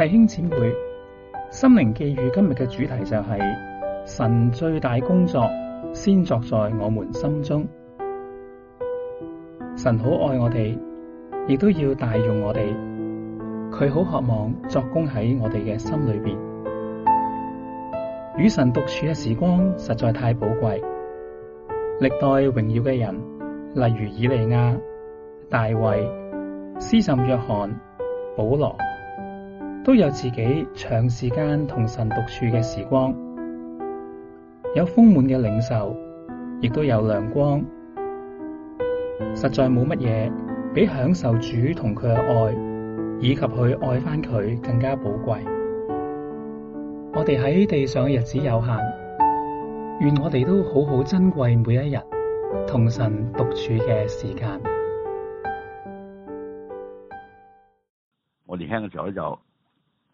弟兄姊妹，心靈寄語今日嘅主題就係、是、神最大工作先作在我們心中。神好愛我哋，亦都要大用我哋。佢好渴望作工喺我哋嘅心裏邊。與神獨處嘅時光實在太寶貴。歷代榮耀嘅人，例如以利亞、大衛、施浸約翰、保羅。都有自己長時間同神獨處嘅時光，有豐滿嘅領受，亦都有亮光。實在冇乜嘢，比享受主同佢嘅愛，以及去愛翻佢更加寶貴。我哋喺地上嘅日子有限，願我哋都好好珍貴每一日同神獨處嘅時間。 我哋輕嘅時候就。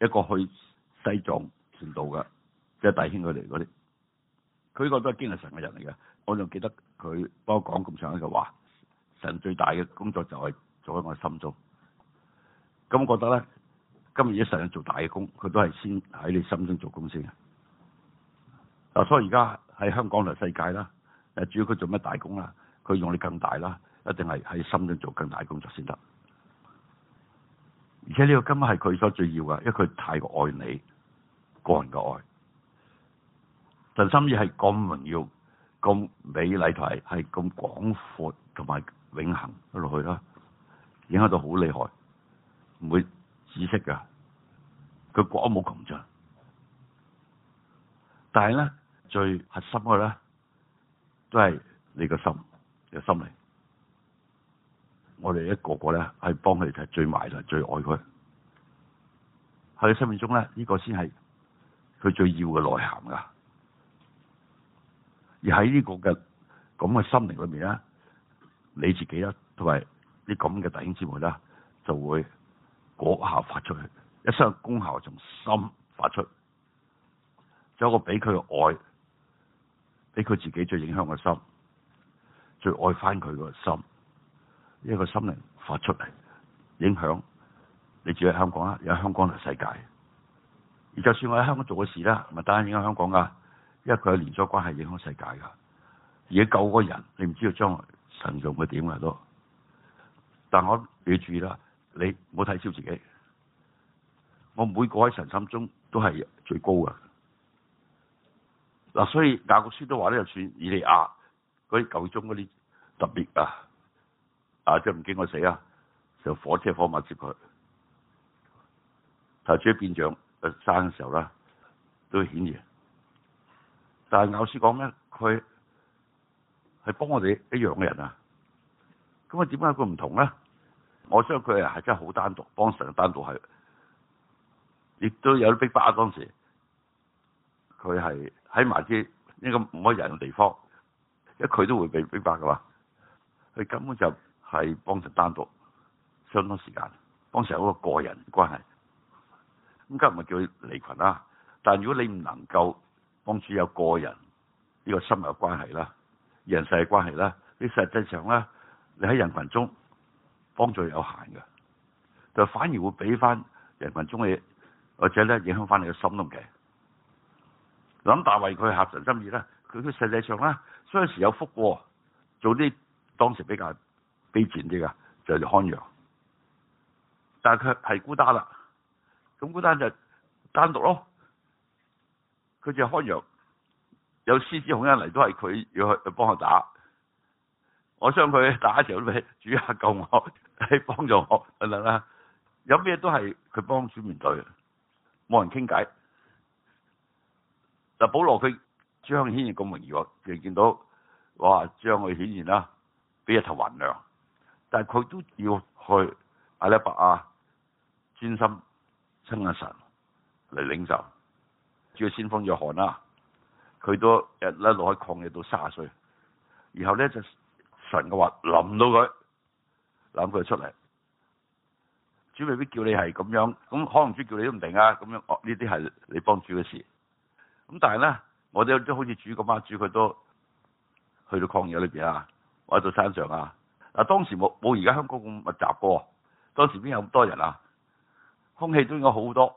一個去西藏傳道嘅，即係弟兄佢哋嗰啲，佢呢個都係經歷神嘅人嚟嘅。我仲記得佢幫我講咁上一嘅話，神最大嘅工作就係做喺我的心中。咁我覺得咧，今日一神要做大嘅工，佢都係先喺你心中做工先的。啊，所以而家喺香港同世界啦，誒、啊，主要佢做咩大工啦、啊？佢用你更大啦，一定係喺心中做更大嘅工作先得。而且呢個根本係佢所最要噶，因為佢太過愛你個人嘅愛，神心意係咁榮耀、咁美麗、同埋係咁廣闊同埋永恆一路去啦，影響到好厲害，唔會止息噶，佢果冇窮盡。但係咧，最核心嘅咧，都係你個心嘅心理。我哋一個個咧，係幫佢哋最埋、最愛佢。喺生命中咧，呢、這個先係佢最要嘅內涵噶。而喺呢個嘅咁嘅心靈裏面咧，你自己咧，同埋啲咁嘅弟兄姊妹啦，就會嗰下發出去，一生果效從心發出去，有一個俾佢嘅愛，俾佢自己最影響嘅心，最愛翻佢個心。一個心靈發出嚟，影響你住喺香港啊，而香港係世界。而就算我喺香港做嘅事啦，咪單影響香港噶，因為佢有連鎖關係影響世界噶。而家救嗰個人，你唔知道將來神仲會點噶都。但我你要注意啦，你唔好睇小自己。我每個喺神心中都係最高噶。嗱，所以雅各書都話咧，就算以利亞嗰啲舊宗嗰啲特別啊。啊！即係唔見我死啊！就火車火馬接佢，頭先啲變像山嘅時候啦，都顯現。但係咬書講咧，佢係幫我哋一樣嘅人啊！咁啊，點解佢唔同咧？我相信佢係真係好單獨，當成嘅單獨係，亦都有啲逼迫，啊！當時佢係喺埋啲一個冇乜人嘅地方，因為佢都會被逼迫嘅嘛，佢根本就。係幫助單獨相當時間，幫成一個個人的關係。咁今日咪叫佢離群啦。但如果你唔能夠幫助有個人呢個深入嘅關係啦、人世嘅關係啦，你實際上啦，你喺人群中幫助有限嘅，就反而會俾翻人群中嘅，或者咧影響翻你嘅心動嘅。諗大衛佢合神心意啦。佢佢實際上啦，當時有福喎，做啲當時比較。黐纏啲噶，就係康陽，但係佢係孤單啦。咁孤單就單獨咯。佢隻康陽，有獅子雄恩嚟都係佢要去幫我打。我將佢打嘅時候都俾主下救我，係幫助我。等等。啊？有咩都係佢幫主面對，冇人傾偈。嗱，保羅佢張顯然咁容易喎，亦見到哇，張佢顯然啦、啊，俾一頭雲涼。但係佢都要去阿拉伯啊，專心親近神嚟領袖，主要先鋒約翰啦，佢都一一路喺曠野到卅歲，然後咧就神嘅話臨到佢，臨佢出嚟，主未必叫你係咁樣，咁可能主叫你都唔定啊，咁樣，哦，呢啲係你幫主嘅事，咁但係咧，我哋都好似主咁啊，主佢都去到曠野裏邊啊，或者到山上啊。嗱，當時冇冇而家香港咁密集個，當時邊有咁多人啊？空氣都應該好多，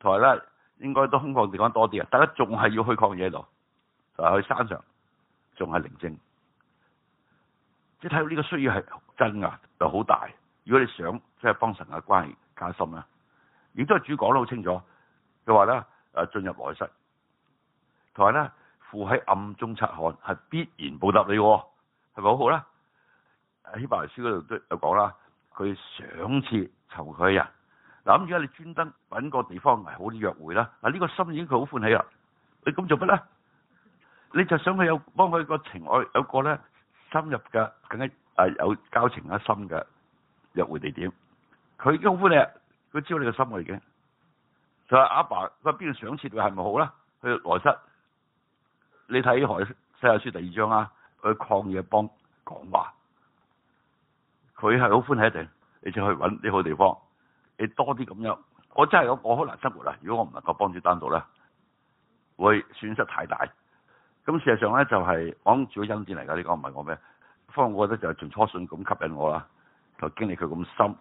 同埋咧應該都空曠地方多啲啊！大家仲係要去曠野度，同埋去山上，仲係寧靜。即係睇到呢個需要係真啊又好大。如果你想即係、就是、幫神嘅關係加深啦，亦都係主講得好清楚。佢話咧誒進入內室，同埋咧父喺暗中察看係必然報答你，係咪好好啦？喺《希伯來書》嗰度都有講啦，佢賞賜尋求佢啊，嗱咁。而家你專登揾個地方係好啲約會啦，嗱、這、呢個心已經佢好歡喜啦。你咁做乜咧？你就想佢有幫佢個情愛有個咧深入嘅，更加啊有交情嘅深嘅約會地點。佢好歡喜，佢知道你個心嚟嘅。就係阿爸話邊個賞賜係咪好啦？去內室，你睇《何西阿書》第二章啊，佢曠野幫講話。佢係好歡喜一定你就去揾啲好地方。你多啲咁樣，我真係我好難生活啦如果我唔能夠幫住單獨咧，會損失太大。咁事實上咧，就係、是、講主要恩典嚟噶。你講唔係我咩？方我覺得就係從初信咁吸引我啦，就經歷佢咁深，呢、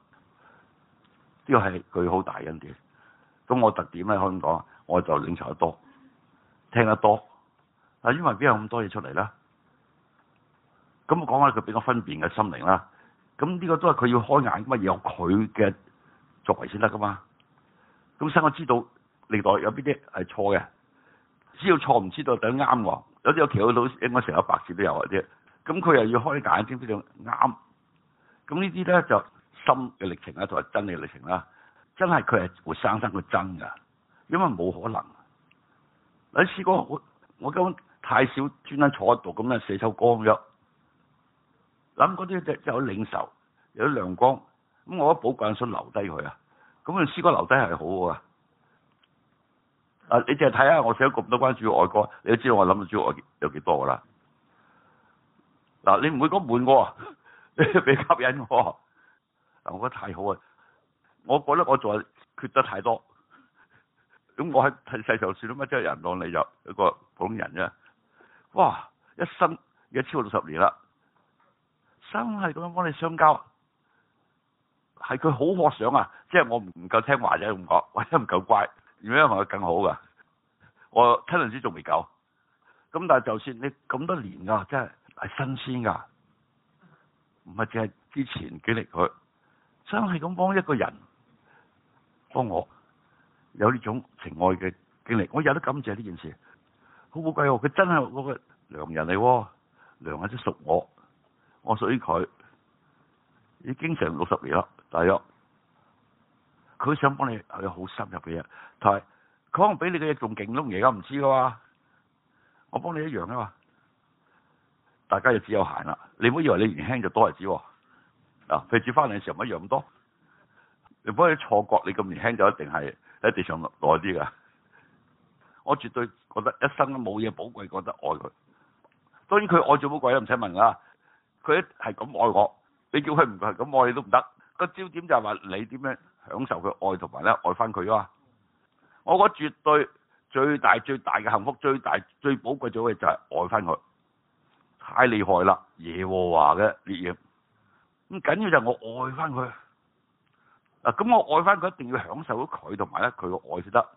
這個係佢好大恩典。咁我特點咧，可以講我就領受得多，聽得多。啊，因為邊有咁多嘢出嚟啦？咁講下佢比我分辨嘅心靈啦。咁、這、呢個都係佢要開眼，乜有佢嘅作為先得噶嘛？咁所以我知道歷代有邊啲係錯嘅，只要錯知道錯唔知道等啱喎。有啲有其他老師應該成日白字都有或者，咁佢又要開眼睛，先知道啱。咁呢啲咧就深嘅歷程啦，同埋真嘅歷程啦。真係佢係會生生佢真㗎，因為冇可能。你試過我我根本太少專登坐喺度咁樣寫首歌咁諗嗰啲有領受，有啲亮光，咁我覺得寶貴，想留低佢啊！咁啊，詩歌留低係好㗎。啊，你淨係睇下我寫咗咁多關注外國，你都知道我諗到關注外國有幾多㗎啦。嗱、啊，你唔會講悶我你喎，比較吸引我嗱、啊，我覺得太好啊！我覺得我仲係缺得太多。咁、啊、我喺世世上算乜真係人當你又一個普通人啫。哇！一生而家超過六十年啦。真係咁樣幫你相交，係佢好渴想啊！即係我唔夠聽話啫，咁講或者唔夠乖，點樣佢更好噶。我嗰陣時仲未夠，咁但係就算你咁多年噶、啊，真係係新鮮噶、啊，唔係淨係之前經歷佢，真係咁幫一個人，幫我有呢種情愛嘅經歷，我有得感謝呢件事，好冇計喎！佢真係我嘅良人嚟，、啊，良人都屬我。我屬於佢，已經成六十年啦，大約。佢想幫你係好深入嘅嘢，但係佢可能俾你嘅嘢仲勁咯。而家唔知噶嘛，我幫你一樣啊嘛。大家就只有閒啦，你唔好以為你年輕就多日子嗱。佢接翻嚟嘅時候一樣咁多，你唔好去錯覺。你咁年輕就一定係喺地上耐啲噶。我絕對覺得一生都冇嘢寶貴，覺得愛佢。當然佢愛做乜鬼都唔使問啦。佢係咁愛我，你叫佢唔係咁愛你都唔得。個焦點就係話你點樣享受佢愛同埋咧愛翻佢啊嘛！我覺得絕對最大最大嘅幸福，最大最寶貴最好嘅就係愛翻佢，太厲害啦！耶和華嘅呢樣咁緊要就係我愛翻佢，咁我愛翻佢一定要享受到佢同埋咧佢嘅愛先得。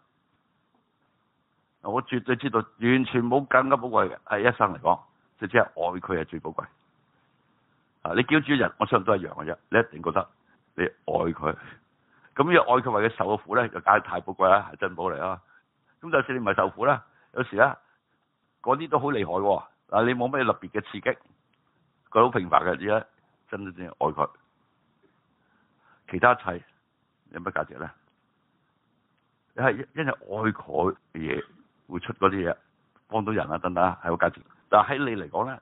我絕對知道，完全冇更加寶貴嘅，係一生嚟講，就只係愛佢係最寶貴。啊！你叫主人，我相信都係一樣嘅啫。你一定覺得你愛佢，咁要愛佢為佢受苦咧，就梗係太寶貴啦，係真寶嚟啦。咁就算你唔係受苦啦，有時咧嗰啲都好厲害喎。嗱，你冇咩特別嘅刺激，佢好平凡嘅而家，真真正愛佢，其他一切有乜價值咧？係因為愛佢嘅嘢會出嗰啲嘢幫到人啊等等，係個價值。但係喺你嚟講咧，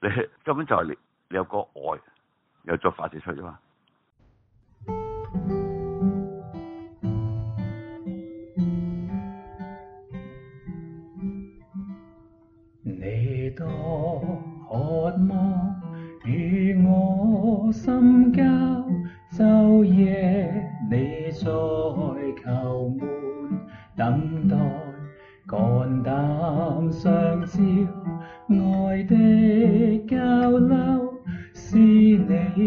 你根本就係你你有個愛，要做法子出嘛？你多渴望與我深交，晝夜你在叩門等待，肝膽相照，愛的交流。